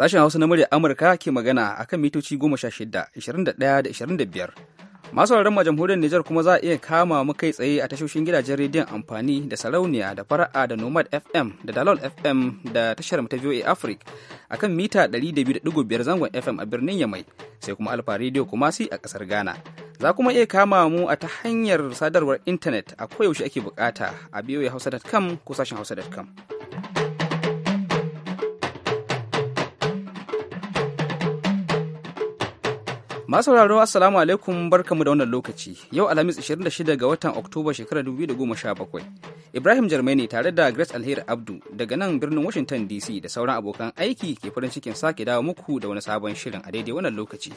Sashen Hausa na murya Amurka ke magana a kan mitoci 16, 21 da 25. Masu wararren ma jamhuriyar Nijar kuma za a iya kama mu kai tsaye a tashoshin gidajen rediyon amfani da sarauniya da fara'a da Nomad FM da Dalol FM da tashar ta VOA Africa a kan mita 200.5 zangon FM a birnin Yamai sai kuma Alfa Radio Kumasi a kasar Ghana. Za kuma iya kama mu a ta hanyar sadarwar intanet a koyaushe ake bukata a voahausa.com ko sashen hausa.com. Masu sauraro Assalamu alaikum barkamu da wannan lokaci. Yau Alhamis 26 ga watan Oktoba shekarar 2017. Ibrahim Jarmai ne tare da Grace Alheri Abdu daga nan birnin Washington DC da sauran abokan aiki ke farin cikin sake dawo muku da wani sabon shirin a daidai wannan lokaci.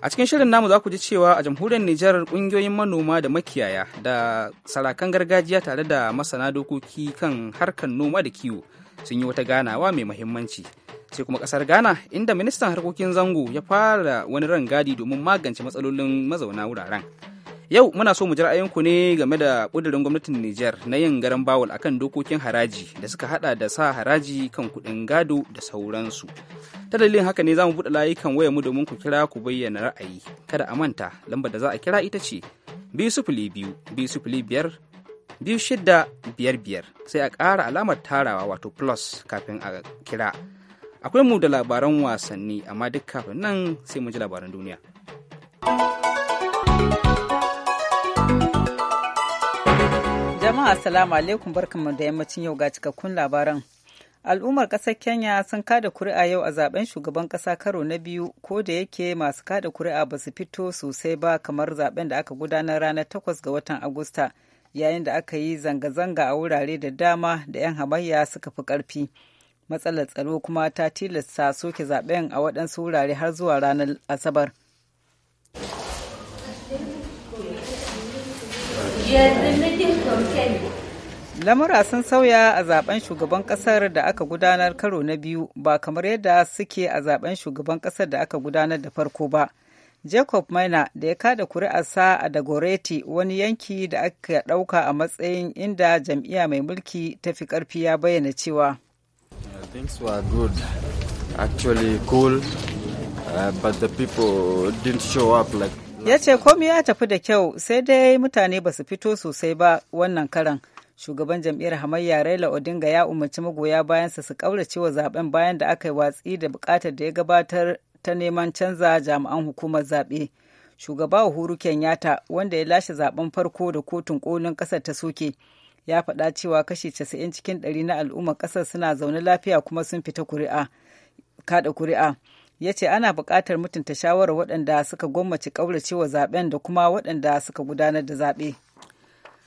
A cikin shirin namu za ku ji cewa a jamhuriyar Nijar kungiyoyin manoma da makiyaya da sarakan gargajiya tare da masana dokoki kan harkar noma da kiwo sun yi wata ganawa mai mahimmanci sai kuma kasar ghana inda ministan harkokin zango ya fara wani rangadi domin magance matsalolin mazauna wuraren yau muna so mu ji ra'ayinku ne game da ƙudurin gwamnatin niger na yin garan bawul akan dokokin haraji da suka hada da sa haraji kan kuɗin gado da sauransu ta dalilin haka ne za mu buɗe layukan waya mu domin ku kira ku bayyana ra'ayi kada a manta lambar da za a kira ita ce biyu sufuli biyu biyu sufuli biyar biyu shida biyar biyar sai a ƙara alamar tarawa wato plus kafin a kira akwai mu da labaran wasanni amma duk kafin nan sai mu ji labaran duniya jama'a assalamu alaikum barkanmu da yammacin yau ga cikakkun labaran al'ummar ƙasar kenya sun kada kuri'a yau a zaben shugaban ƙasa karo na biyu ko da yake masu kada kuri'a ba su fito sosai ba kamar zaben da aka gudanar ranar 8 ga watan agusta yayin da aka yi zanga-zanga a wurare da dama da 'yan hamayya suka fi ƙarfi. Matsalar tsaro kuma ta tilasta soke zaɓen a waɗansu wurare har zuwa ranar Asabar. Lamura sun sauya a zaben shugaban ƙasar da aka gudanar karo na biyu ba kamar yadda suke a zaben shugaban ƙasar da aka gudanar da farko ba. Jacob Maina da ya kada kuri'arsa a Dagoreti wani yanki da aka ɗauka a matsayin inda jam'iyya mai mulki ta fi ƙarfi ya bayyana cewa. Things were good, actually cool, uh, but the people didn't show up like ya ce komai ya tafi da kyau sai dai mutane ba su fito sosai ba wannan karan shugaban jam'iyyar hamayya raila odinga ya umarci magoya bayansa su kaurace wa zaben bayan da aka yi watsi da bukatar da ya gabatar ta neman canza jami'an hukumar zaɓe. Shugaba Uhuru Kenyatta wanda ya lashe zaben farko da kotun kolin ƙasar ta soke ya faɗa cewa kashi 90 cikin 100 na al'ummar ƙasar suna zaune lafiya kuma sun fita kuri'a. Kaɗa kuri'a. ya ce ana buƙatar mutunta shawarar waɗanda suka gwammace ƙauracewa zaben da kuma waɗanda suka gudanar da zaɓe.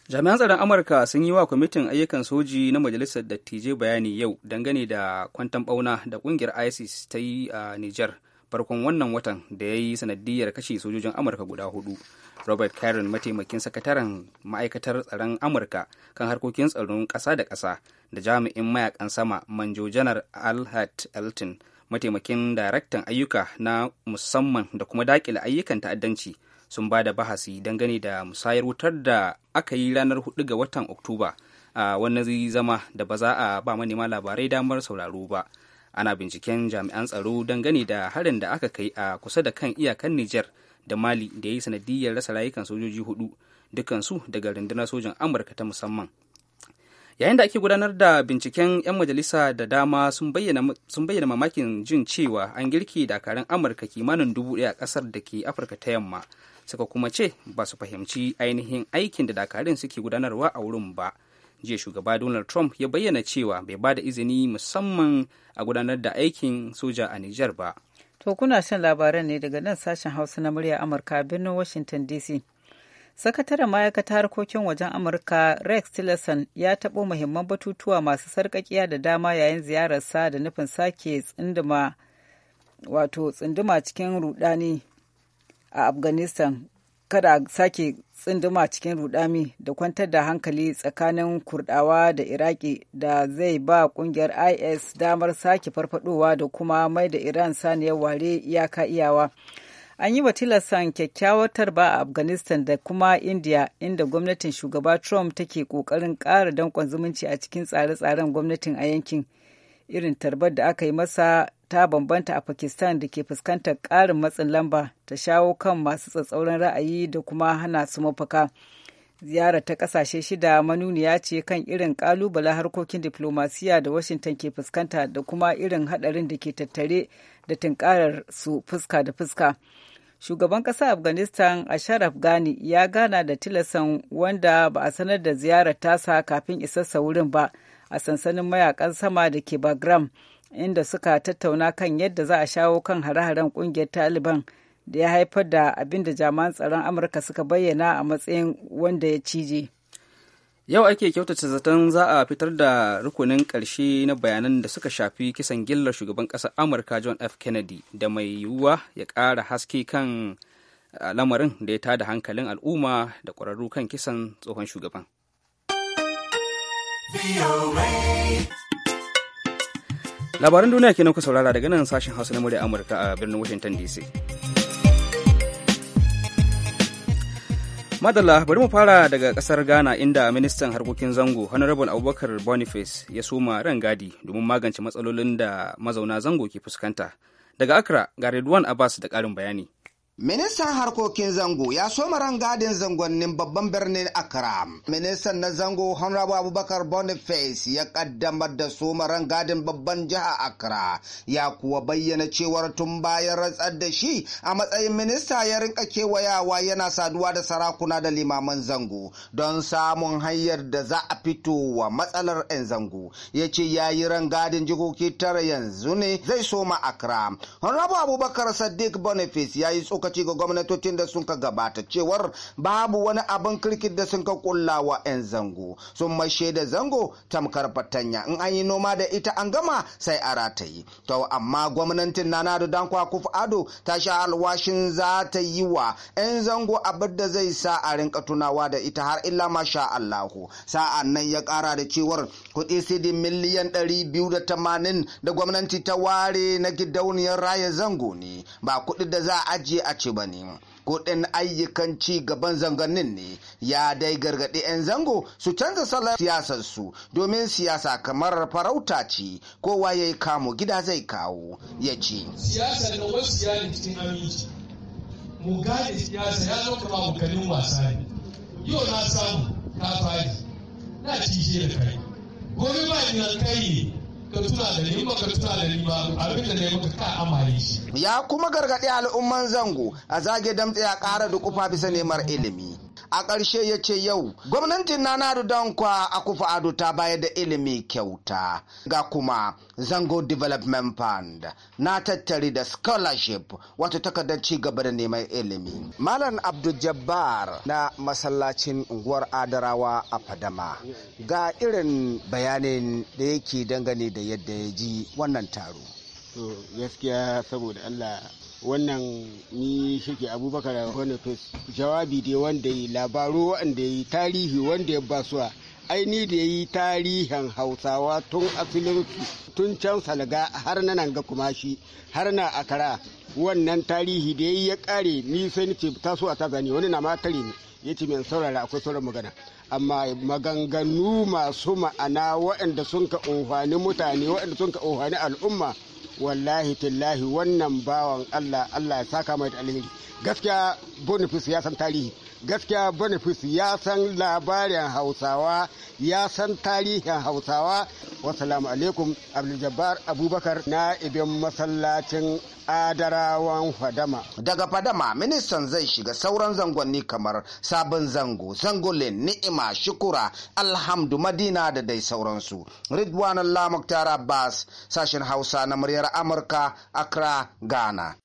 jami'an tsaron amurka sun yi wa kwamitin ayyukan soji na majalisar dattijai bayani yau dangane da kwantan ɓauna da ƙungiyar isis ta yi a niger farkon wannan watan da ya yi sanadiyar kashe sojojin amurka guda hudu robert karen mataimakin sakataren ma'aikatar tsaron amurka kan harkokin tsaron ƙasa da ƙasa da jami'in mayakan sama manjo janar alhat elton mataimakin daraktan ayyuka na musamman da kuma dakile ayyukan ta'addanci sun ba da bahasi dangane da musayar wutar da aka yi ranar hudu ga watan oktoba a wannan zama da ba za a ba manema labarai damar sauraro ba ana binciken jami'an tsaro dangane da harin da aka kai a kusa da kan iyakan nijar da mali da ya yi sanadiyar rasa rayukan sojoji hudu dukansu daga rundunar sojan amurka ta musamman yayin da ake gudanar da binciken 'yan majalisa da dama sun bayyana mamakin jin cewa an girki dakarun amurka kimanin dubu ɗaya a ƙasar da ke afirka ta yamma suka kuma ce ba su fahimci ainihin aikin da dakarun suke gudanarwa a wurin ba jiya shugaba donald trump ya bayyana cewa bai ba da izini musamman a gudanar da aikin soja a nijar ba to kuna shan labaran ne daga nan sashen hausa na murya amurka birnin washington dc sakataren ma'aikatar harkokin wajen amurka rex tillerson ya taɓo muhimman batutuwa masu sarƙaƙiya da dama yayin ziyararsa da nufin sake tsinduma wato tsinduma cikin rudani a afghanistan kada a sake tsinduma cikin rudami da kwantar da hankali tsakanin kurdawa da iraki da zai ba kungiyar is damar sake farfadowa da kuma mai da iran saniyar ware iyaka iyawa an yi wa kyakkyawar tarba a afghanistan da kuma india inda gwamnatin shugaba trump take kokarin ƙara dankon zumunci a cikin tsare-tsaren gwamnatin a yankin irin tarbar da aka yi masa ta bambanta a Pakistan da ke fuskantar ƙarin matsin lamba ta shawo kan masu tsatsauran ra'ayi da kuma hana su mafaka. Ziyarar ta ƙasashe shida manuniya ce kan irin ƙalubalen harkokin diflomasiya da Washington ke fuskanta da kuma irin haɗarin da ke tattare da tunkarar su fuska da fuska. Shugaban ƙasa Afghanistan sharaf Ghani ya gana da tilasan wanda ba a sanar da ziyarar tasa kafin isassa wurin ba a sansanin mayakan sama da ke Bagram. inda suka tattauna kan yadda za a shawo kan hare-haren kungiyar taliban da ya haifar da abin da jami'an tsaron amurka suka bayyana a matsayin wanda ya cije yau ake kyautata zaton za a fitar da rukunin ƙarshe na bayanan da suka shafi kisan gillar shugaban ƙasar amurka john f kennedy da mai yiwuwa ya kara haske kan lamarin da ya tada hankalin al'umma da ƙwararru kan kisan tsohon shugaban. labaran duniya kenan ku saurara daga nan sashen hausa na murya amurka a birnin washington dc madalla bari mu fara daga kasar ghana inda ministan harkokin zango honorable abubakar boniface ya suma ran gadi domin magance matsalolin da mazauna zango ke fuskanta daga accra ga redwan abbas da ƙarin bayani Ministan harkokin zango ya soma rangadin zangonnin babban birnin Accra. Ministan na zango Honorable Abubakar Boniface ya kaddamar da soma rangadin babban jiha Accra ya kuwa bayyana cewar tun bayan rantsar da shi a matsayin minista ya rinka kewayawa yana saduwa da sarakuna da limaman zango don samun hanyar da za a fito wa matsalar 'yan zango. Ya ce ya yi rangadin jihohi tara yanzu ne zai soma Accra. Honorable Abubakar Sadiq Boniface ya yi tsoka lokaci ga gwamnatocin da sun ka gabata cewar babu wani abin kirkit da sun ka kulla wa 'yan zango sun maishe da zango tamkar fatanya in an yi noma da ita an gama sai a rataye to amma gwamnatin nana da dan kuf ado ta sha alwashin za ta yi wa 'yan zango abin da zai sa a rinka tunawa da ita har illa masha allahu sa'an nan ya kara da cewar kuɗi sidi miliyan 280 da gwamnati ta ware na gidauniyar raya zango ne ba kuɗi da za a ajiye a ce ba ne kudin ayyukan ci gaban zanganin ne ya dai gargaɗi 'yan zango su canza salon su domin siyasa kamar farauta ce kowa ya yi kamo gida zai kawo ya ce siyasa da wasu ya cikin aminci mu gane siyasa ya zo kama wasa ne yau na samu ta fadi na cije da kai gobe ba ni kai ne ka tuna da ni ba ka tuna da ni ba abin da ne maka ka amare shi. Ya kuma gargaɗi al'umman zango a zage damtse a ƙara da dukufa bisa neman ilimi. a ƙarshe ya ce yau gwamnatin don kwa akufa ado ta bayar da ilimi kyauta ga kuma zango development fund na tattari da scholarship wato takardar ci gaba da neman ilimi malam abdul jabbar na masallacin unguwar adarawa a fadama ga irin bayanin da yake dangane da yadda ya ji wannan taro gaskiya saboda allah wannan ni ke abubakar bonifis jawabi dai wanda yi labaru wanda yi tarihi wanda ya basuwa aini da yi tarihin hausawa tun asilin tun can salga har na nan ga kumashi har na akara wannan tarihi da ya kare ni sai ni ce a ta zane wani na matare ne ya ce min saurara akwai sauran magana amma maganganu masu ma'ana waɗanda sun ka mutane waɗanda sun ka al'umma wallahi tallahi wannan bawan Allah Allah ya saka mai alheri gaskiya Boniface ya san tarihi gaskiya Boniface ya san labarin Hausawa ya san tarihin Hausawa wassalamu alaikum Abdul Jabbar Abubakar na ibin masallacin adarawan fadama daga fadama ministan zai shiga sauran zangonni kamar sabon zango zangolin ni'ima shukura alhamdu madina da dai sauransu ridwan allah muktar abbas sashen hausa na muryar amurka accra ghana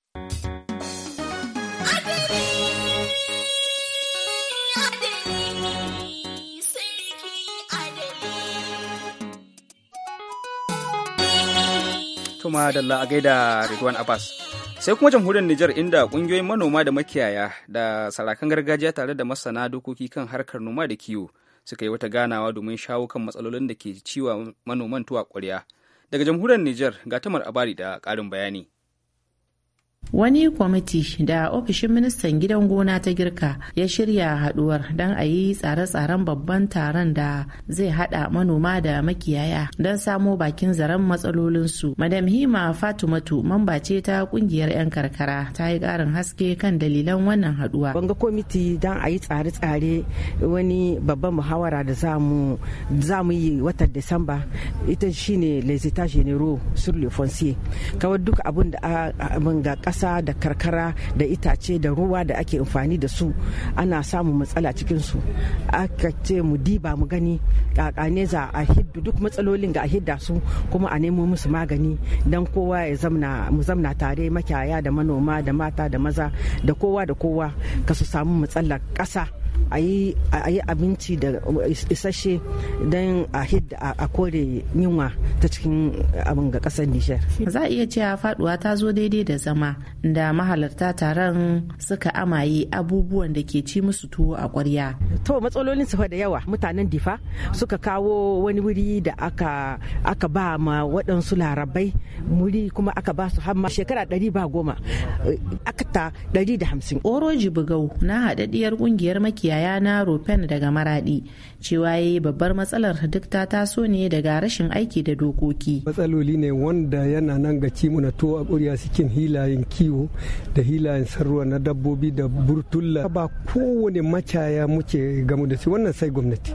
kuma Dalla a gaida Ridwan Abbas. Sai kuma jamhuriyar Nijar inda kungiyoyin manoma da makiyaya da sarakan gargajiya tare da masana dokoki kan harkar noma da kiwo suka yi wata ganawa domin shawo kan matsalolin da ke ciwa manoman tuwa ƙwarya. Daga jamhuriyar Nijar ga tamar abari da ƙarin bayani. Wani kwamiti da ofishin ministan gidan gona ta girka ya shirya haduwar don a yi tsare-tsaren babban taron da zai hada manoma da makiyaya don samo bakin zaren matsalolinsu. Madam Hima Fatumatu mamba ce ta kungiyar 'yan karkara ta yi karin haske kan dalilan wannan haduwa. Wanga kwamiti don a yi tsare-tsare wani babban muhawara da za mu yi watan Disamba ita shine Les Etats Generaux sur le Foncier. Kawai duk abun da ƙasa da karkara da itace da ruwa da ake amfani da su ana samun matsala cikinsu aka ce mu diba mu gani kakane za a hiddu duk matsalolin ga a hidda su kuma a nemo musu magani don kowa ya zamna mu zamna tare makiyaya da manoma da mata da maza da kowa da kowa ka su samu matsalar ƙasa a yi abinci da isasshe don a hidda a kore yunwa ta cikin abin ga kasar nishar za a iya cewa faduwa ta zo daidai da zama da mahalarta taron suka amaye abubuwan da ke ci musu tuwo a kwarya to matsalolin su da yawa mutanen difa suka kawo wani wuri da aka ba ma waɗansu larabai muri kuma aka ba su hamma shekara ɗari ba goma akata ɗari da hamsin oroji bugau na haɗaɗɗiyar ƙungiyar maki yayana Rufen daga Maradi cewa yayi babbar matsalar duk ta taso ne daga rashin aiki da dokoki. Matsaloli ne wanda yana nan ga cimu na tuwo a ƙuriya cikin hilayen kiwo da hilayen sarruwa na dabbobi da burtulla ba kowane macaya muke gamu da su wannan sai gwamnati.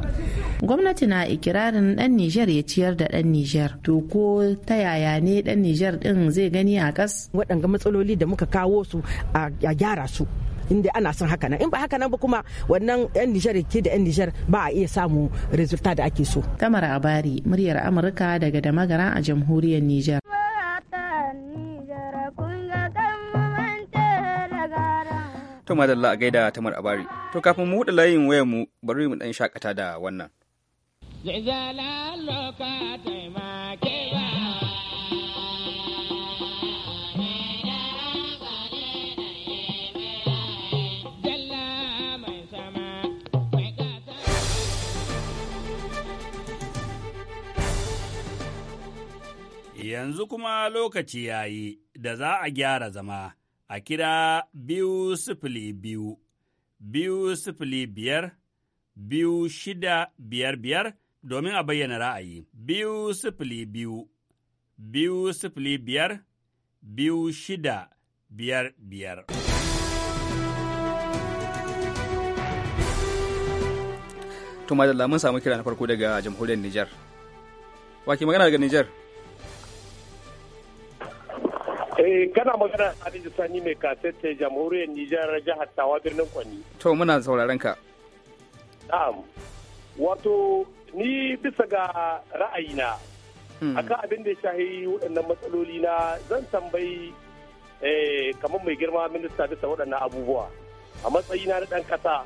Gwamnati na ikirarin ɗan Nijar ya ciyar da ɗan Nijar. To ko ta yaya ne ɗan Nijar ɗin zai gani a ƙas? Waɗanga matsaloli da muka kawo su a gyara su. inda ana son haka nan in ba haka nan ba kuma wannan yan nijar ke da yan nijar ba a iya samu resulta da ake so tamara abari muryar amurka daga damagara a jamhuriyar nijar to madalla a gaida tamar abari to kafin mu huɗa layin wayar mu bari mu dan shakata da wannan Zai yanzu kuma lokaci ya yi da za a gyara zama a kira biyu sifili biyu, biyu sifili biyar, biyu shida biyar biyar domin a bayyana ra'ayi, biyu sifili biyu, biyu sifili biyar, biyu shida biyar biyar. Tumadala mun samu kira na farko daga jamhuriyar Nijar. Waki magana daga Nijar? Eh, kana magana Alhaji Sani mai kasance jamhuriyar Nijar jihar Tawa birnin Kwani. To muna sauraron ka. Na'am. Wato ni bisa ga ra'ayina hmm. akan abin da ya shahi waɗannan matsaloli na zan tambayi eh, kamar mai girma minista bisa waɗannan abubuwa a matsayi na ɗan ƙasa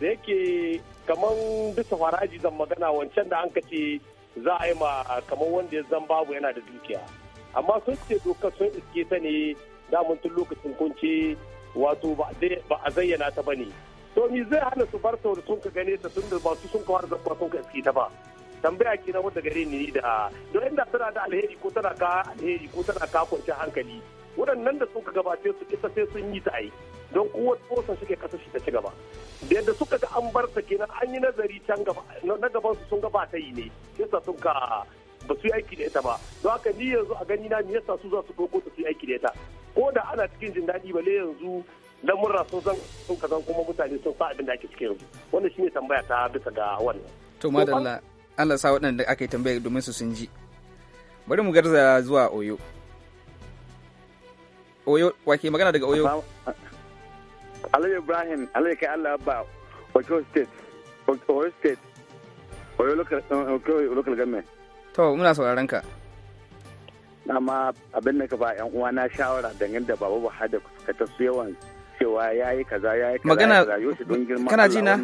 da yake kamar bisa faraji zan magana wancan da an kace za a yi ma kamar wanda ya zan babu yana da dukiya. amma sun ce doka sun iske ta ne damun tun lokacin kunci wato ba a zayyana ta ba ne to ni zai hana su bar sauri sun ka gane ta tun da ba su sun kawar zaba sun ka iske ta ba tambaya na wanda gare ni da don inda tana da alheri ko tana ka alheri ko tana ka kwanci hankali waɗannan da suka gabace su kisa sai sun yi ta yi don kowa tsosan shi ke kasa shi ta ci gaba da yadda suka ga an bar ta kenan an yi nazari can gaba na gaban su sun gaba ta yi ne kisa sun ka ba su yi aiki da ita ba don haka ni yanzu a gani na me yasa su za su ko ta su yi aiki da ita ko da ana cikin jin daɗi ba le yanzu lamurra sun san sun kazan kuma mutane sun sa abin da ake cikin yanzu wannan shine tambaya ta bisa ga wannan to madalla Allah sa waɗanda aka yi tambaya domin su sun ji bari mu garza zuwa oyo oyo wake magana daga oyo alayi ibrahim alayi kai allah ba oyo state oyo state oyo local government To muna sauraron ka. Dama abin da ka ba yan uwa na shawara dangane da babu Buhari da kuskata su yawan cewa ya yi kaza ya yi kaza magana kana ji na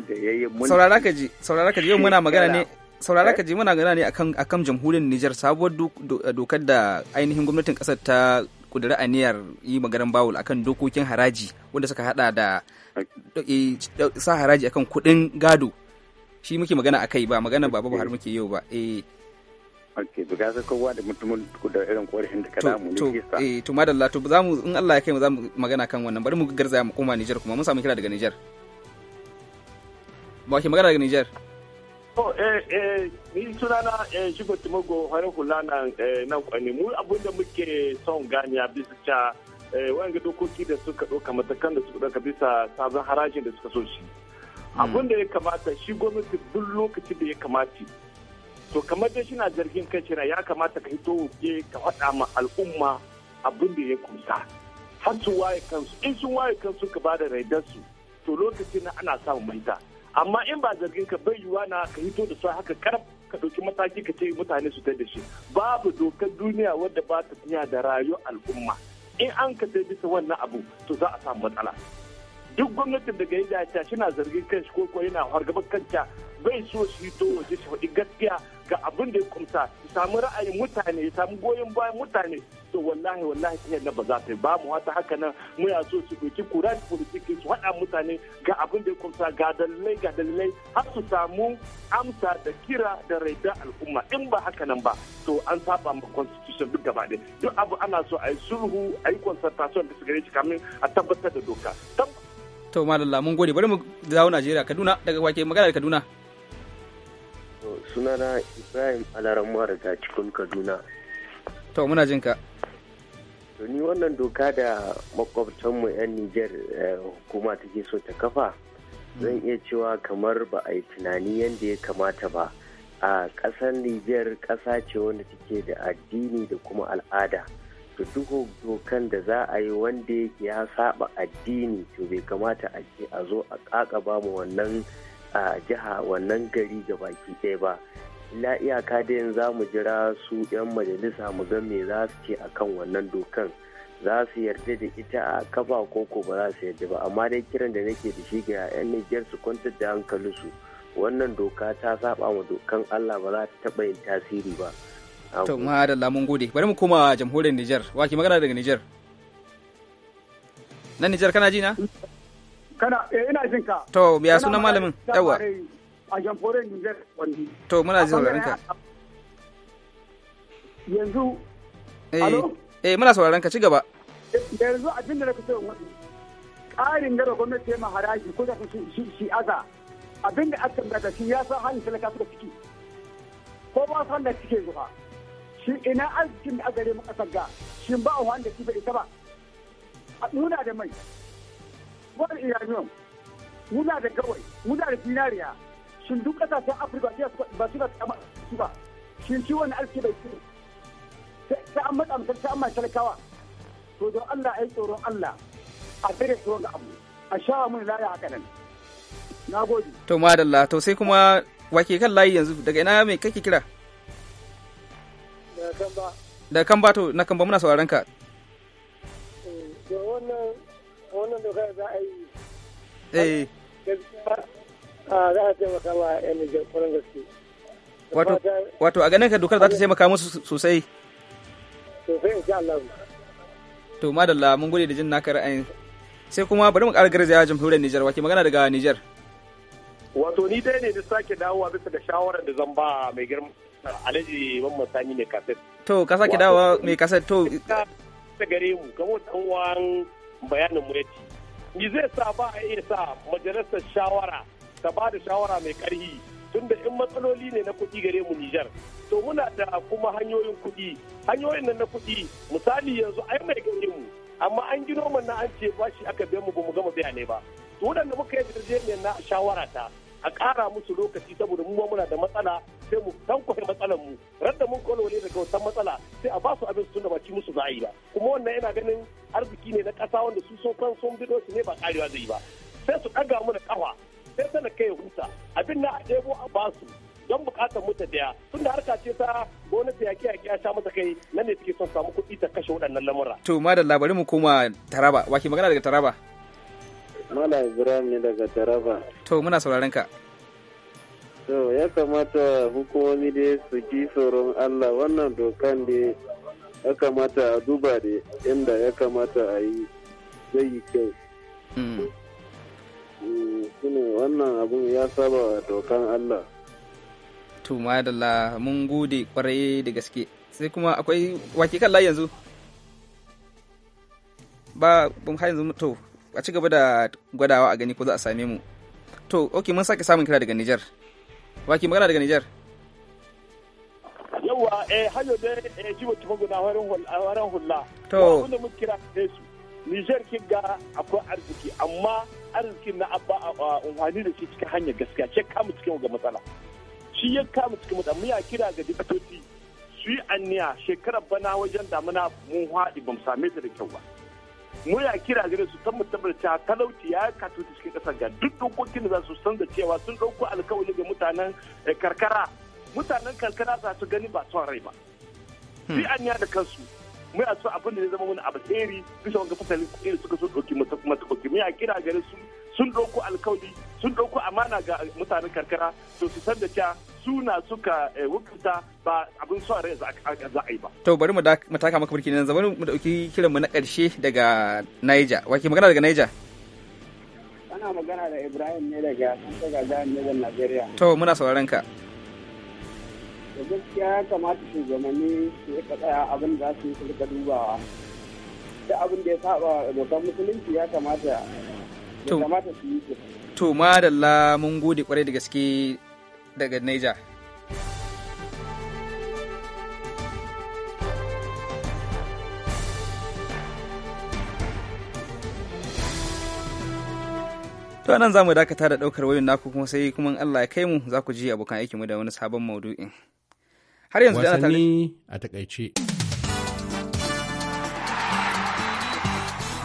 saurara ka ji saurara ka ji yau muna magana ne saurara ka eh? ji muna magana ne akan akan jamhuriyar Nijar sabuwar eh, dokar da ainihin gwamnatin kasar ta kudura aniyar yi magaran bawul akan dokokin haraji wanda suka hada eh, da sa haraji akan kudin gado shi muke magana akai ba magana baba har muke yau ba eh ok to kowa da mutumin da irin korafin da ka damu to eh, in Allah ya kai magana kan wannan bari mu garzaya mu koma nijar kuma mun samu kira daga Nijar. ba ke magana daga Nijar? to eh eh ni sunana eh shigo timogo harin hula eh, nan nan kwani mu abinda muke son a bisa ta eh, wanga dokoki da suka ɗauka matakan da suka ɗauka bisa sabon harajin da suka so shi hmm. abin da ya kamata shi gwamnati duk lokacin da ya kamata to kamar dai shina zargin kai na ya kamata ka hito waje ka faɗa ma al'umma abin da ya kusa har su waye kansu in sun waye kansu ka ba da su to lokacin na ana samun maita amma in ba zargin ka bai yiwa na ka hito da su haka karab ka ɗauki mataki ka ce mutane su da shi babu dokar duniya wadda ba ta tafiya da rayuwar al'umma in an ka sai bisa wannan abu to za a samu matsala duk gwamnatin daga gaida ta shi na zargin kanshi ko kuwa yana hargabar kanta bai so shi to waje shi faɗi gaskiya ga abin da ya kumsa samu ra'ayin mutane ya samu goyon bayan mutane to wallahi wallahi ta yadda ba za ta ba mu wata haka nan mu ya so su doki kura da politiki su haɗa mutane ga abin da ya kumsa ga dalilai ga dalilai har su samu amsa da kira da raidar al'umma in ba haka nan ba to an saba ma constitution duk gaba duk abu ana so a yi sulhu a yi concertation da su gare shi kamin a tabbatar da doka. To malalla mun gode bari mu dawo Najeriya Kaduna daga wake magana da Kaduna. sunana ibrahim alaramma da cikin kaduna to muna jin ka ni wannan doka da makwabtanmu 'yan niger eh, hukuma take so ta kafa hmm. zan iya cewa kamar ba a yi tunani yadda ya kamata ba a ƙasar niger ƙasa ce wanda take da addini da kuma al'ada to duk dokan da za a yi wanda ya saba addini to bai kamata a ke a zo a ba mu wannan a jiha wannan gari ga baki ɗaya ba na iyaka da yin za mu jira su 'yan majalisa mu ga me za su ce akan wannan dokan za su yarda da ita a kafa ko ba za su yarda ba amma dai kiran da nake da shi ga 'yan nijar su kwantar da hankali su wannan doka ta saba ma dokan allah ba za ta taɓa yin tasiri ba to ma da lamun gode bari mu koma jamhuriyar nijar waki magana daga nijar na nijar kana ji na kana eh ina jin ka to biya sunan malamin yawa a jamfore Niger wani to muna jin sauraron ka yanzu eh eh muna sauraron ka ci gaba eh, yanzu abin da nake so wani ƙarin da gwamnati ma haraji ko da shi shi aza abin da aka bada shi ya san halin talaka suka ciki ko ba san da suke zuwa shi ina arzikin da aka gare mu kasar ga shi ba a wanda shi bai ita ba muna da mai wani iranian muna da gawai muna da zinariya shin duk kasashen afirka ba su ba su kama su ba shin ci wani arziki bai ce ta an matsa mutar ta an mai talakawa to don allah a yi tsoron allah a tsere tsoron ga abu a shawa mun laya haka nan na gode to madalla to sai kuma wake kan layi yanzu daga ina mai kake kira daga kan ba to na kan ba muna sauraron ka eh, da wannan wannan dokar za a yi eh za a taimaka ma yan Nijar gaske wato a ganin ka dokar za ta taimaka musu sosai sosai insha Allah to madalla mun gode da jin naka ra'ayin sai kuma bari mu ƙara garzaya jamhuriyar Nijar wake magana daga Nijar wato ni dai ne da sake dawowa bisa da shawarar da zan ba mai girma alhaji mamman sani mai kaset to ka sake dawowa mai kaset to ta gare mu kamar dan bayanin mu yace ni zai sa ba a iya sa majalisar shawara ta ba da shawara mai karhi tunda in matsaloli ne na kuɗi gare mu Nijar to muna da kuma hanyoyin kuɗi hanyoyin nan na kuɗi misali yanzu ai mai gare mu amma an gino mana an ce bashi aka biya mu ba mu gama bayanai ba to waɗanda muka yi yarjejeniyar na shawara ta a ƙara musu lokaci saboda mu muna da matsala sai mu tankwafe matsalar mu radda mun kwalwale daga wata matsala sai a ba su abin su da baci musu za a ba kuma wannan yana ganin arziki ne na ƙasa wanda su so kan sun bido su ne ba karewa zai yi ba sai su ɗaga mu da ƙafa sai sana kai huta abin na a ɗebo a ba su don bukatar mu ta daya tun da harka ce ta gwamnati yaƙi yaƙi ya sha mata kai nan ne suke son samu kuɗi ta kashe waɗannan lamura. to madalla bari mu koma taraba ke magana daga taraba. Mala Ibrahim ne daga Taraba. To muna sauraron ka. To ya kamata hukumomi dai su ji tsoron Allah wannan dokan da ya kamata a duba da inda ya kamata a yi zai yi kyau. Mm. Mm, shine wannan abun ya saba dokan Allah. To madalla mun gode kwarai da gaske sai kuma akwai wakikan kan yanzu ba har yanzu mutu. a ci gaba da gwadawa a gani ko za a same mu to ok mun sake samun kira daga Nijar waki magana daga Nijar yawa eh hayo da eh jiwa tufa guda waran hulla to wanda mun kira da su Nijar ki ga akwai arziki amma arzikin na abba a unhani da shi cikin hanyar gaskiya ce kamu cikin ga matsala shi ya kamu cikin matsala muna kira ga dikatoci su yi anniya shekarar bana wajen damuna mun haɗi ba mu same ta da kyau ba muna kira gare su san mu tabbata talauci ya kato da cikin kasar ga duk dokokin da za su san da cewa sun dauko alkawali ga mutanen eh, karkara mutanen karkara za su gani ba son rai ba hmm. sai an ya da kansu mu ya so abin da ya zama wani abu tseri bisa wanga fasalin kuɗi da suka so ɗauki matakoki mu ya kira gare su sun ɗauko alkawali kira ga mutanen karkara to su san da cewa suna suka eh, wukuta ba abin so rai za a yi ba. To bari mu taka maka burki nan zamanin mu dauki kiran mu na karshe daga Niger. Wake magana daga Niger? Ana magana da Ibrahim ne daga Santaga Jihar Niger Najeriya. To muna sauraron ka. Da gaskiya ya kamata shugabanni su rika tsaya abin da su yi su rika dubawa. Da abin da ya saba dokar musulunci ya kamata ya kamata su yi su. to madalla mun gode kwarai da gaske daga Niger. To nan za mu dakata da ɗaukar wayoyin naku kuma sai kuma Allah ya kai mu za ku ji abokan aikinmu da wani sabon maudu'in. Har yanzu da ana tare. Wasanni a takaice.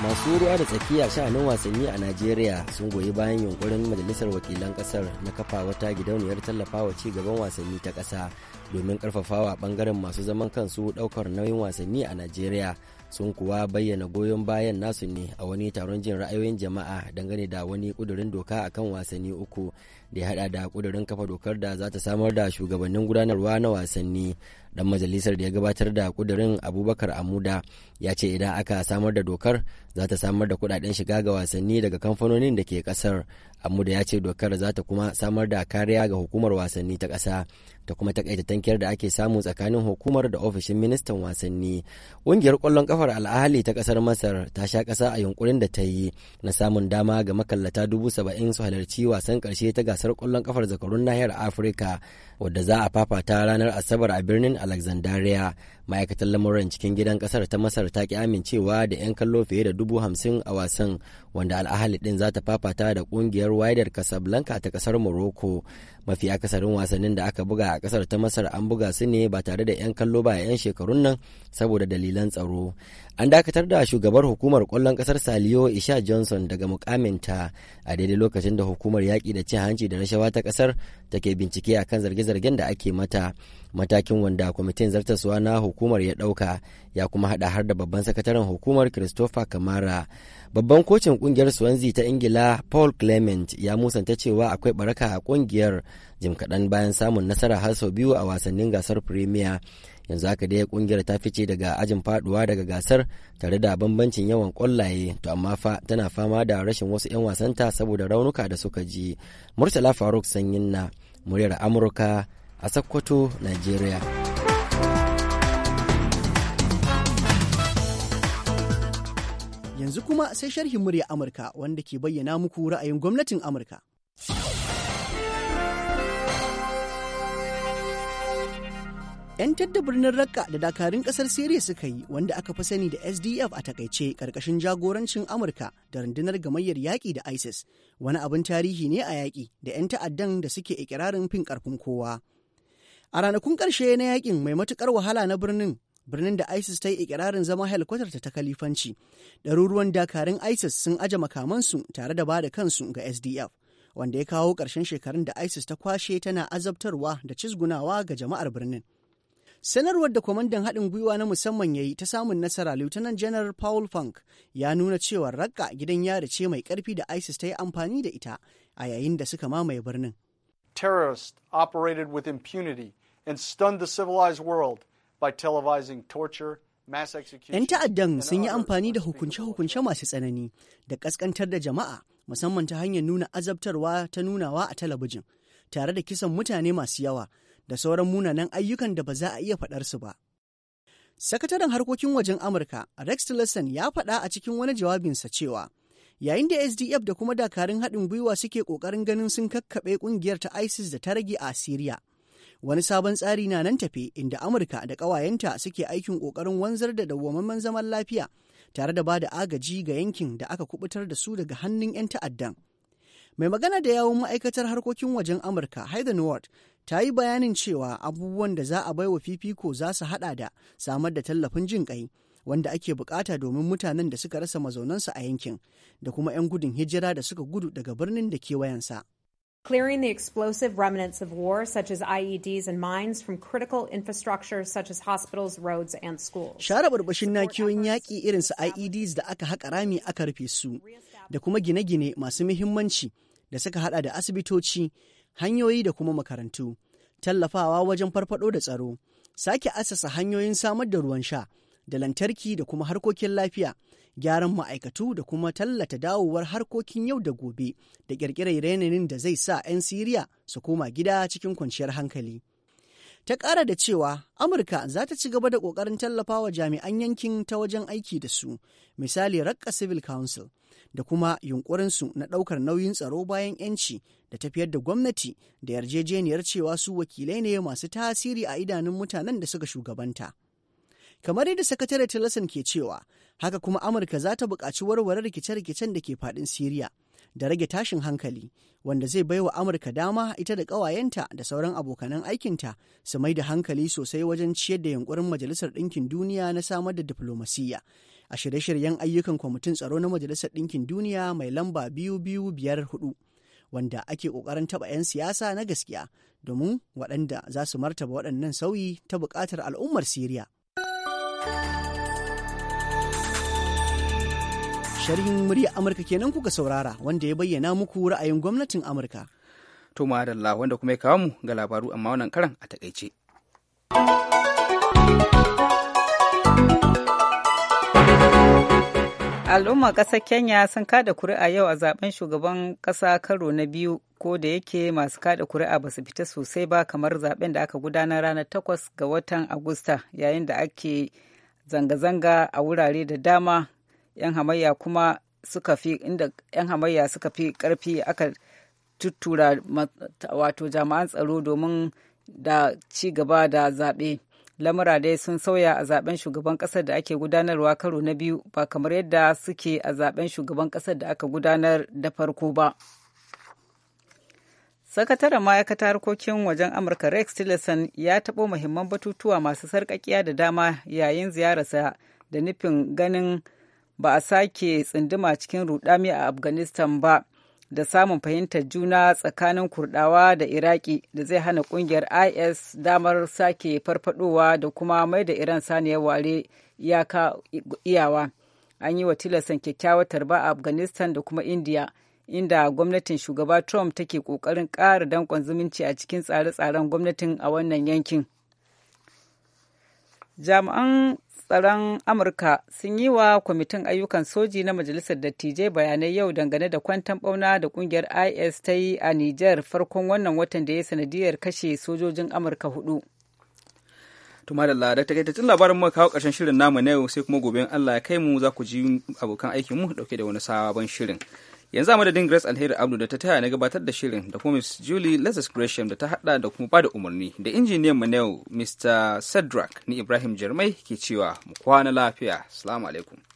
masu ruwa da tsakiya sha'anin wasanni a najeriya sun goyi bayan yunkurin majalisar wakilan kasar na kafa wata gidauniyar tallafawa ci gaban wasanni ta ƙasa domin karfafawa bangaren masu zaman kansu ɗaukar nauyin wasanni a najeriya sun kuwa bayyana goyon bayan nasu ne a wani taron jin ra'ayoyin jama'a dangane da wani kudurin doka akan wasanni uku da ya hada da kudurin kafa dokar da za ta samar da shugabannin gudanarwa na wasanni dan majalisar da ya gabatar da kudurin abubakar amuda ya ce idan aka samar da dokar za ta samar da kudaden shiga ga wasanni daga kamfanonin da ke kasar amma da ya ce dokar za ta kuma samar da kariya ga hukumar wasanni ta kasa ta kuma takaita tankiyar da ake samu tsakanin hukumar da ofishin ministan wasanni ƙungiyar ƙwallon kafar al'ahali ta kasar masar ta sha ƙasa a yunkurin da ta yi na samun dama ga makallata dubu saba'in su halarci wasan ƙarshe ta gasar ƙwallon kafar zakarun nahiyar afirka wadda za a fafata ranar asabar a birnin alexandria ma'aikatar lamuran cikin gidan kasar ta masar ta ki amincewa da 'yan kallo fiye da dubu hamsin a wasan wanda al'ahali din za ta fafata da kungiyar wider casablanca ta kasar morocco mafi akasarin wasannin da aka buga a kasar ta masar an buga su ne ba tare da 'yan kallo ba a 'yan shekarun nan saboda dalilan tsaro an dakatar da shugabar hukumar kwallon kasar saliyo isha johnson daga mukaminta a daidai lokacin da hukumar yaƙi da cin hanci da rashawa ta kasar take bincike a kan zarge-zargen da ake mata matakin wanda kwamitin zartaswa na hukumar ya ɗauka ya kuma haɗa har da babban sakataren hukumar christopher kamara babban kocin kungiyar swansea ta ingila paul clement ya musanta cewa akwai baraka a kungiyar jim kaɗan bayan samun nasara har sau biyu a wasannin gasar premier yanzu haka dai kungiyar ta fice daga ajin faduwa daga gasar tare da bambancin yawan kwallaye to amma fa tana fama da rashin wasu 'yan wasanta saboda raunuka da suka ji murtala faruk sanyin na muryar amurka a sokoto nigeria yanzu kuma sai sharhin murya Amurka wanda ke bayyana muku ra'ayin gwamnatin Amurka. ‘Yan tadda birnin Rakka da dakarun ƙasar Siriya suka yi wanda aka fi sani da SDF a takaice ƙarƙashin jagorancin Amurka da rundunar gamayyar yaƙi da ISIS wani abin tarihi ne a yaƙi da ‘yan ta'addan da suke ikirarin fin ƙarfin kowa. A ranakun ƙarshe na yaƙin mai matuƙar wahala na birnin birnin da isis ta yi ikirarin zama helkwatarta ta kalifanci ɗaruruwan dakarun isis sun aje makamansu tare da bada kansu ga sdf wanda ya kawo ƙarshen shekarun da isis ta kwashe tana azabtarwa da cizgunawa ga jama'ar birnin sanarwar da kwamandan haɗin gwiwa na musamman ya yi ta samun nasara lieutenant general paul funk ya nuna cewa rakka gidan yari ce mai ƙarfi da isis ta yi amfani da ita a yayin da suka mamaye birnin terrorists operated with impunity and stunned the civilized world 'Yan ta'addan sun yi amfani da hukunce-hukunce masu tsanani da ƙasƙantar da jama'a musamman ta hanyar nuna azabtarwa ta nunawa a talabijin tare da kisan mutane masu yawa da sauran munanan ayyukan da ba za a iya faɗar su ba. Sakataren harkokin wajen Amurka Rex Tillerson ya faɗa a cikin wani jawabinsa cewa yayin da SDF da kuma dakarun haɗin gwiwa suke ƙoƙarin ganin sun kakkaɓe ƙungiyar ta ISIS da ta rage a Siriya. Wani sabon tsari na nan tafe inda Amurka da ƙawayenta suke aikin ƙoƙarin wanzar da dawwamammen zaman lafiya tare da ba da agaji ga yankin da aka kubutar da su daga hannun 'yan ta'addan. Mai magana da yawon ma'aikatar harkokin wajen Amurka, Heather Nord, ta yi bayanin cewa abubuwan da za a bai wa fifiko za su hada da samar da tallafin jin kai wanda ake bukata domin mutanen da suka rasa mazaunansu a yankin da kuma 'yan gudun hijira da suka gudu daga birnin da kewayensa. clearing the explosive remnants of war, such as IEDs and mines, from critical infrastructure such as hospitals, roads, and schools. yaƙi irin su IEDs da aka haƙa rami aka rufe su, da kuma gine-gine masu muhimmanci da suka da asibitoci, hanyoyi da kuma makarantu, tallafawa wajen da tsaro, sake asasa hanyoyin samar da ruwan sha, da lantarki da kuma harkokin lafiya, gyaran ma'aikatu da kuma tallata dawowar harkokin yau da gobe da ƙirƙirar yanayin da zai sa 'yan Siriya su koma gida cikin kwanciyar hankali. Ta ƙara da cewa Amurka za ta ci gaba da ƙoƙarin tallafawa jami'an yankin ta wajen aiki da su, misali Rakka Civil Council, da kuma yunƙurinsu na ɗaukar nauyin tsaro bayan 'yanci da tafiyar da gwamnati da yarjejeniyar cewa su wakilai ne masu tasiri a idanun mutanen da suka shugabanta. Kamar yadda sakatare Tillerson ke cewa, haka kuma Amurka za ta buƙaci warware rikice-rikicen da ke faɗin Siriya da rage tashin hankali, wanda zai baiwa Amurka dama ita da ƙawayenta da sauran abokanan aikinta su mai da hankali sosai wajen ciyar da yunkurin Majalisar Ɗinkin Duniya na samar da diflomasiyya. a shirye-shiryen ayyukan kwamitin tsaro na majalisar ɗinkin duniya mai lamba biyu biyu biyar hudu wanda ake ƙoƙarin taɓa 'yan siyasa na gaskiya domin waɗanda za su martaba waɗannan sauyi ta buƙatar al'ummar siriya Sharhin murya Amurka kenan kuka saurara wanda ya bayyana muku ra'ayin gwamnatin Amurka. To madalla wanda kuma ya kawo mu ga labaru amma wannan karan a takaice. al'ummar ƙasar kenya sun kada kuri'a yau a zaben shugaban ƙasa karo na biyu ko da yake masu kada kuri'a ba su fita sosai ba kamar zaben da aka gudanar ranar takwas ga watan agusta yayin da ake zanga-zanga a wurare da dama 'yan hamayya kuma suka fi inda 'yan hamayya suka fi karfi aka tuttura wato jami'an tsaro domin da ci gaba da zaɓe lamura dai sun sauya a zaben shugaban ƙasar da ake gudanarwa karo na biyu ba kamar yadda suke a zaben shugaban ƙasar da aka gudanar da farko ba sakataren ma'aikatar harkokin wajen amurka rex tillerson ya taɓo muhimman batutuwa masu sarƙaƙiya da dama yayin ziyararsa da nufin ganin ba a sake tsinduma cikin rudami a afghanistan ba da samun fahimtar juna tsakanin kurdawa da iraki da zai hana kungiyar is damar sake farfadowa da kuma mai da iran saniyar ware iyaka iyawa an yi wa tilasan kyakkyawar tarba a afghanistan da kuma india inda gwamnatin shugaba trump take kokarin ƙara dankon zumunci a cikin tsare-tsaren gwamnatin a wannan yankin jami'an tsaron Amurka sun yi wa kwamitin ayyukan soji na Majalisar Dattijai bayanai yau dangane da kwantan bauna da kungiyar IS ta yi a Nijar farkon wannan watan da ya sanadiyar kashe sojojin Amurka hudu. tuma da lada ta tun labarin mu kawo karshen shirin namu na yau sai kuma gobe Allah ya kai mu za ku ji abokan aikin mu dauke da wani sabon shirin yanzu a madadin grace alheri abdu da ta taya na gabatar da shirin da kuma miss julie lesis gresham da ta hada da kuma bada umarni da injiniyan mu yau mr cedric ni ibrahim jarmai ke cewa mu kwana lafiya salamu alaikum